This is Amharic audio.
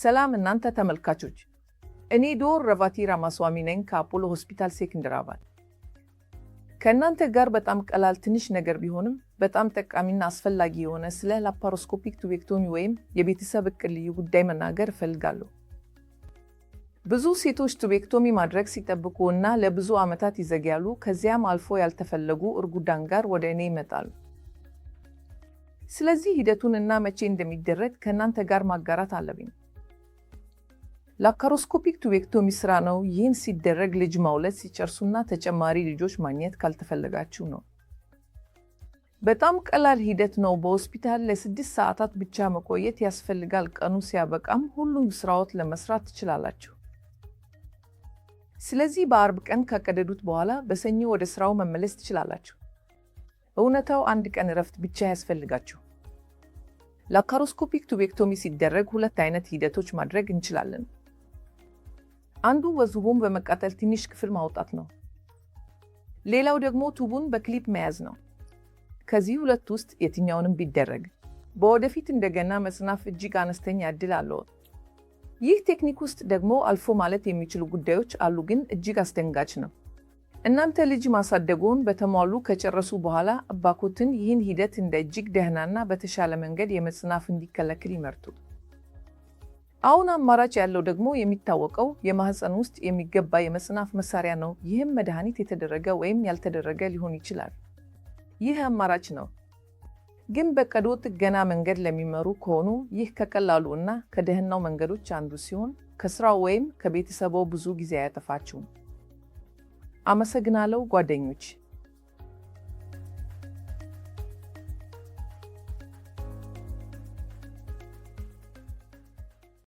ሰላም እናንተ ተመልካቾች፣ እኔ ዶር ረቫቲ ራማስዋሚ ነኝ ከአፖሎ ሆስፒታል ሴኮንደራባድ። ከእናንተ ጋር በጣም ቀላል ትንሽ ነገር ቢሆንም በጣም ጠቃሚና አስፈላጊ የሆነ ስለ ላፓሮስኮፒክ ቱቤክቶሚ ወይም የቤተሰብ እቅድ ልዩ ጉዳይ መናገር እፈልጋለሁ። ብዙ ሴቶች ቱቤክቶሚ ማድረግ ሲጠብቁ እና ለብዙ ዓመታት ይዘግያሉ። ከዚያም አልፎ ያልተፈለጉ እርጉዳን ጋር ወደ እኔ ይመጣሉ። ስለዚህ ሂደቱን እና መቼ እንደሚደረግ ከእናንተ ጋር ማጋራት አለብኝ። ላፓሮስኮፒክ ቱቤክቶሚ ስራ ነው። ይህን ሲደረግ ልጅ ማውለት ሲጨርሱና ተጨማሪ ልጆች ማግኘት ካልተፈለጋችሁ ነው። በጣም ቀላል ሂደት ነው። በሆስፒታል ለስድስት ሰዓታት ብቻ መቆየት ያስፈልጋል። ቀኑ ሲያበቃም ሁሉም ስራዎት ለመስራት ትችላላችሁ። ስለዚህ በአርብ ቀን ካቀደዱት በኋላ በሰኞ ወደ ስራው መመለስ ትችላላችሁ። እውነታው አንድ ቀን እረፍት ብቻ ያስፈልጋችሁ። ላፓሮስኮፒክ ቱቤክቶሚ ሲደረግ ሁለት አይነት ሂደቶች ማድረግ እንችላለን። አንዱ ወዝሁቡን በመቃጠል ትንሽ ክፍል ማውጣት ነው። ሌላው ደግሞ ቱቡን በክሊፕ መያዝ ነው። ከዚህ ሁለት ውስጥ የትኛውንም ቢደረግ በወደፊት እንደገና መጽናፍ እጅግ አነስተኛ ዕድል አለው። ይህ ቴክኒክ ውስጥ ደግሞ አልፎ ማለት የሚችሉ ጉዳዮች አሉ፣ ግን እጅግ አስደንጋጭ ነው። እናንተ ልጅ ማሳደጎውን በተሟሉ ከጨረሱ በኋላ እባኮትን ይህን ሂደት እንደ እጅግ ደህናና በተሻለ መንገድ የመጽናፍ እንዲከለክል ይመርቱ? አሁን አማራጭ ያለው ደግሞ የሚታወቀው የማህፀን ውስጥ የሚገባ የመጽናፍ መሳሪያ ነው። ይህም መድኃኒት የተደረገ ወይም ያልተደረገ ሊሆን ይችላል። ይህ አማራጭ ነው። ግን በቀዶ ጥገና መንገድ ለሚመሩ ከሆኑ ይህ ከቀላሉ እና ከደህናው መንገዶች አንዱ ሲሆን ከስራው ወይም ከቤተሰበው ብዙ ጊዜ አያጠፋችሁም። አመሰግናለሁ ጓደኞች።